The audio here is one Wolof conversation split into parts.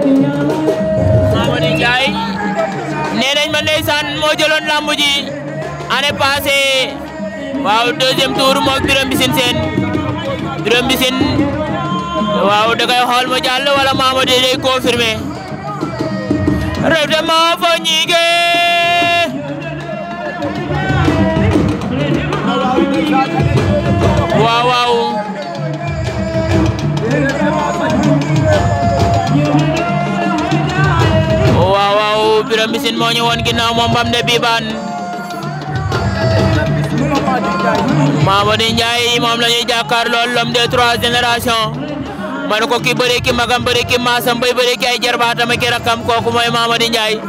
Mamadou Ndiaye nee nañ ma ndeysaan moo jëloon lamb ji année passée waaw deuxième tour moog Birame Mbissine Sène Birame Mbissine waaw da koy xool ma jàll wala Mamadou day confirmé rew de ma fo ñige Biro Mbissine moo ñu woon ginnaaw moom Bam de Biban Mamadou Ndiaye moom la ñuy lool l'homme des trois générations man ko ki bëri magam bëri maasam bay bëri ay jarbaatam ak rakkam kooku mooy Mamadou Ndiaye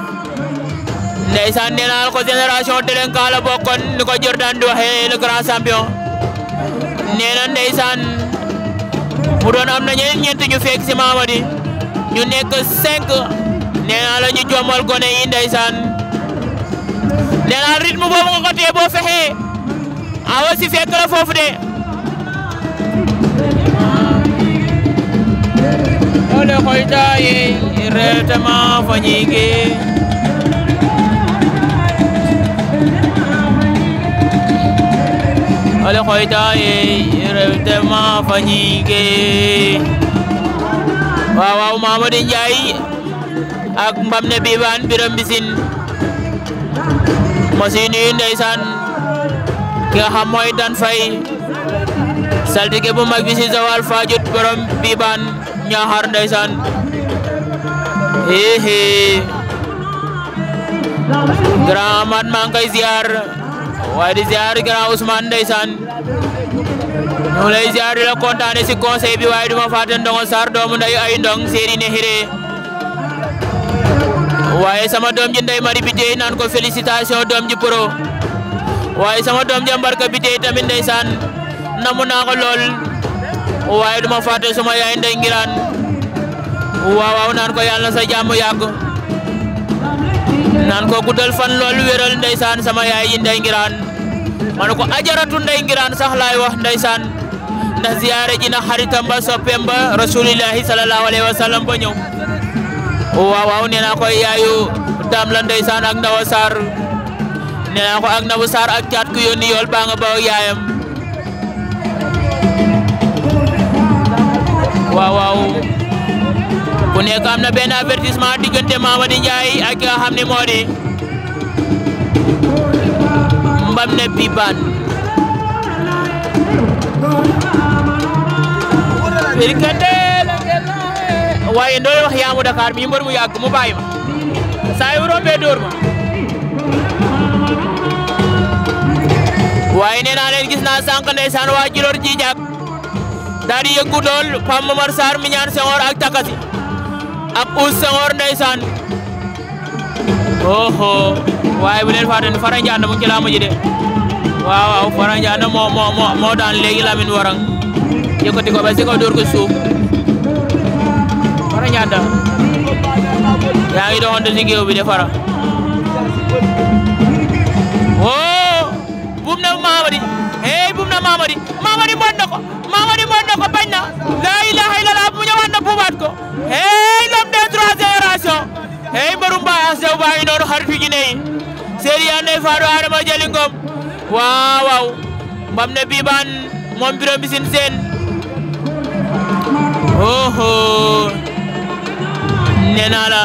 ndeysaan nee naa ko génération Télenka la bokkoon ni Jordan di waxee le grand champion nee na ndeysaan mu doon am na ñeneen ñu fekk si nee naa la ñu jommal gone yi ndeysaan nee naa rythme boobu nga ko téye boo fexee awa si fekk la foofu de. ole xoyta ye retema fa ñiigee. ole xoyta ye retema fa ñiigee. waaw waaw ak mbam ne biban biram bisin masini ndaysan ki nga xam moy dan fay ke bu mag zawal fajut borom biban nyahar ndeysaan hehe he he gramat mang kay ziar waaye di ziar gra usman ndaysan ñu lay ziar la contane si conseil bi way duma ndongo sar doomu nday ay ndong seri ne waye sama dom ji ndey mari bi nan ko félicitations dom ji pro waye sama dom ji mbarka bi tey tamit ndeysaan namu naa ko lol waye duma faté sama yaay ndey ngiran waaw waaw nan ko yalla sa jamm yag nan ko guddal fan lol wéral ndeysan sama yaay yi ndey ngiran ma ko ajaratu ndey ngiran sax lay wax ndeysan ndax ziyaare ji na xaritam ba rasulillahi sallallahu alaihi wasallam ba ñew waaw waaw nee naa ko yaayu daam la ndeysaan ak Ndawa Sarr nee naa ko ak Ndawa Sarr ak caat ku yónni yool baa nga ba yaayam waaw waaw ku nekk na benn avertissement diggante Mamadi Ndiaye ak ki nga xam ne moo di mbam ne pipaan bir kandela waaye laamu Dakar mi mbër mu yag mu bayima ma saa yu rombee dóor ma way ne na len gis na sank ndaysan waa Djilor Djidiack daal di yëngu lool Pape Momar Sarr mi ñaan Senghor ak Takasi ak Ous Senghor ndeysaan oho way bu len fàtte ne Fara Ndiane mu ci la mu ji de waaw waaw Fara mo mo mo daan legi Lamine Warang yëkkati ko ba ci ko dóor ko suuf ñadda yaa ngi doxante ci géew bi defara woo oh, buum na Mamadi hey buum na Mamadi Mamadi mboot na ko Mamadi mboot bañ na laa ilaaha illallah mu ñëwaat na buumaat ko hey l'homme des trois générations hey mbaru mbaay as baa ngi noonu xaritu ji neyi séeri yaa ndey faatu Adama Jali Ngom waaw waaw ne bii baan moom birom bisin seen oho nee naa la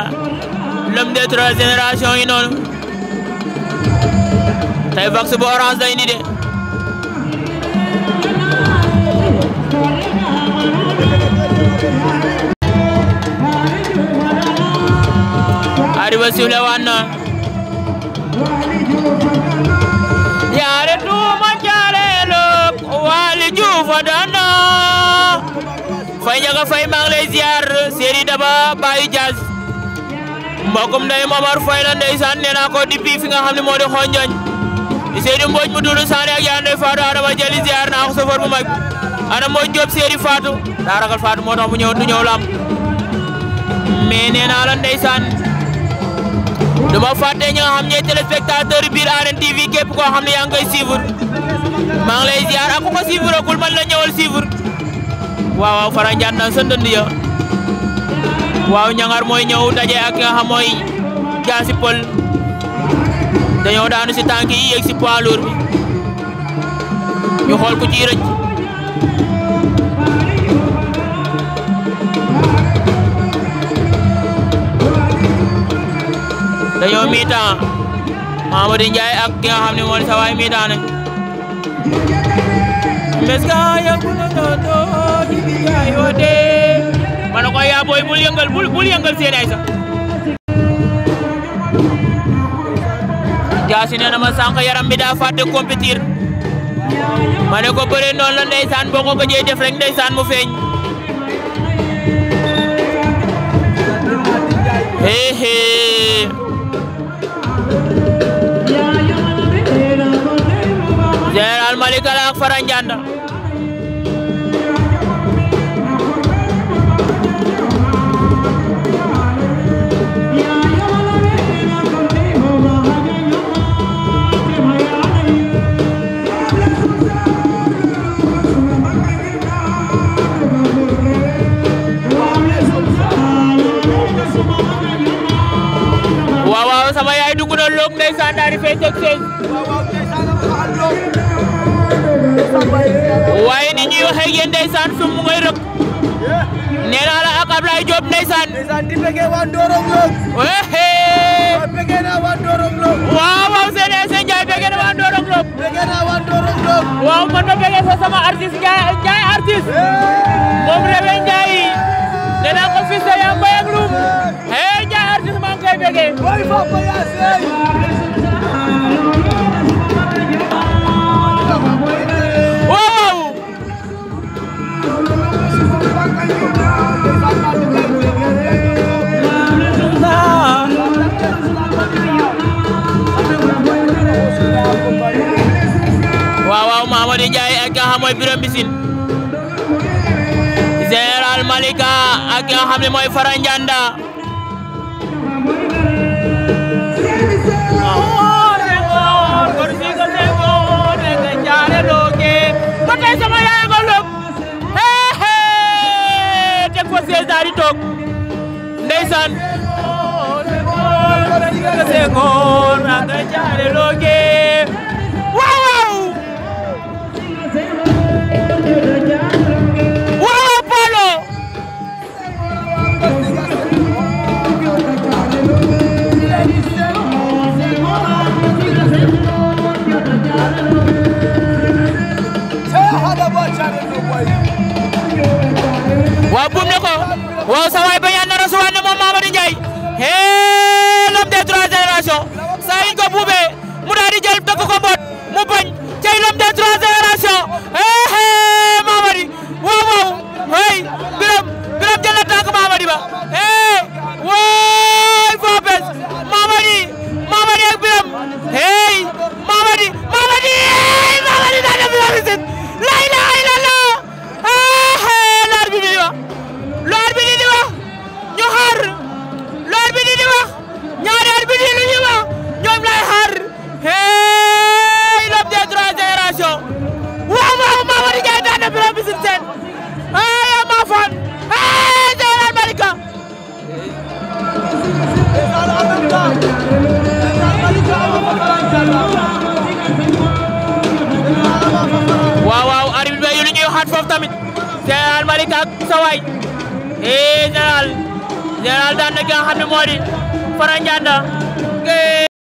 l'homme des trois générations yi noonu tey vax bu orange lay ni de arrivé suuf la waan na Baye Ndiaga fay ma ngi lay ziar Seri Daba Baye jazz mbokum ndey Momar fay la ndeysaan nee naa ko depuis fi nga xamni modi moo di xonjoñ Seydou Mbodj mu dudu sare ak yande ndey Fatou Adama jeli ziar na ko sofor bu mag ana mo job Seri Fatou da ragal Fatou mo tax mu ñew du ñew lam me neena la ndeysaan du ma fàtte ñi nga xam ne téléspectateur biir Arène TV képp ko xamni ya ngay ngi koy suivre maa ngi lay ziar ak ko suivre agul man la ñewal suivre waaw waaw Fara Ndiatta sa ndënd ya waaw mooy ñëw daje ak nga xam mooy jaasi pël dañoo daanu si tànk yi yéeg si ñu xool ku ci rëcc dañoo miitaan Mamadou Ndiaye ak ki nga xam ne moo di sa waay ma ne ko yaa booy bul yëngal bul bul yëngal seen ay sax. jaasi na ma sànq yaram bi daa fàtte compétir ma ne ko bëre noonu la ndeysaan boo ko gëjee def rek ndeysaan feeñ. hey hey Général Malika la ak Lom desa dari di fay teg ini ni ñuy semua yéen ndeysaan sum mu job rëkk la ak Diop di bëggee dorong lo, Lom bëggee naa waa Ndorong Lom waaw dorong lo, seen Njaay dorong na waa Ndorong Lom bëggee sa sama artis Njaay Njaay ko Bege. Vai, vai, palhaço! Uou! Waaw waaw Malika ak nga xam ne yaa nga lóog hee hee teg ko sees daal di toog ndeysaan Senghor anda jaare looge waaw buum na ko waaw sa waay bañ a nar a moom Mamadou Ndiaye hee l'homme des trois générations saa yiñ ko buubee mu daal di jël dëkk mu bañ cay l'homme des trois générations hee général daan na a nga xam ne moo